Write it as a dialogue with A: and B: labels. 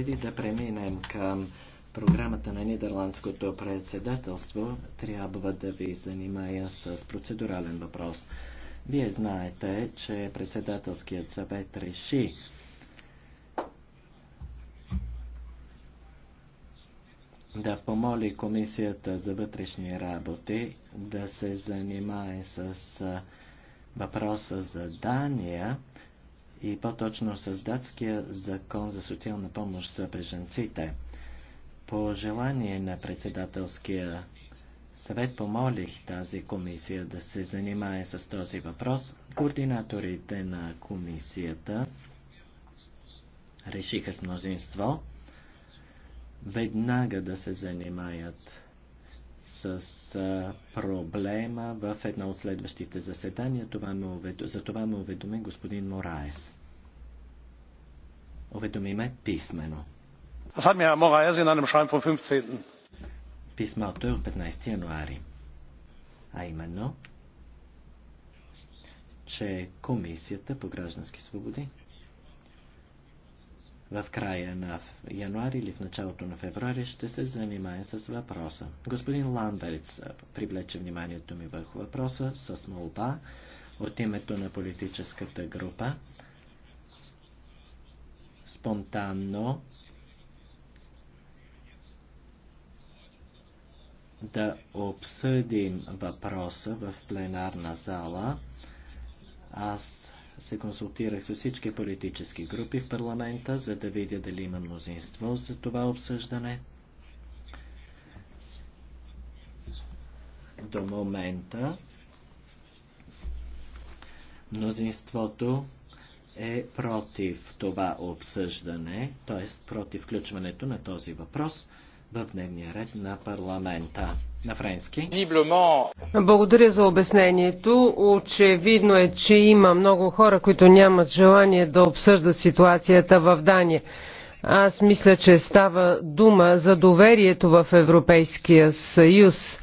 A: Преди да преминем към програмата на Нидерландското председателство, трябва да ви занимая с процедурален въпрос. Вие знаете, че председателският съвет реши да помоли Комисията за вътрешни работи да се занимае с въпроса за Дания, и по-точно с датския закон за социална помощ за беженците. По желание на председателския съвет помолих тази комисия да се занимае с този въпрос. Координаторите на комисията решиха с мнозинство веднага да се занимаят с проблема в едно от следващите заседания. Това ме увед... За това ме уведоми господин Мораес. Уведоми ме писмено. Писма е от 15 януари. А именно, че Комисията по граждански свободи в края на януари или в началото на февруари ще се занимая с въпроса. Господин Ламберц привлече вниманието ми върху въпроса с молба от името на политическата група спонтанно да обсъдим въпроса в пленарна зала. Аз се консултирах с всички политически групи в парламента, за да видя дали има мнозинство за това обсъждане. До момента мнозинството е против това обсъждане, т.е. против включването на този въпрос в дневния ред на парламента. На френски.
B: Благодаря за обяснението. Очевидно е, че има много хора, които нямат желание да обсъждат ситуацията в Дания. Аз мисля, че става дума за доверието в Европейския съюз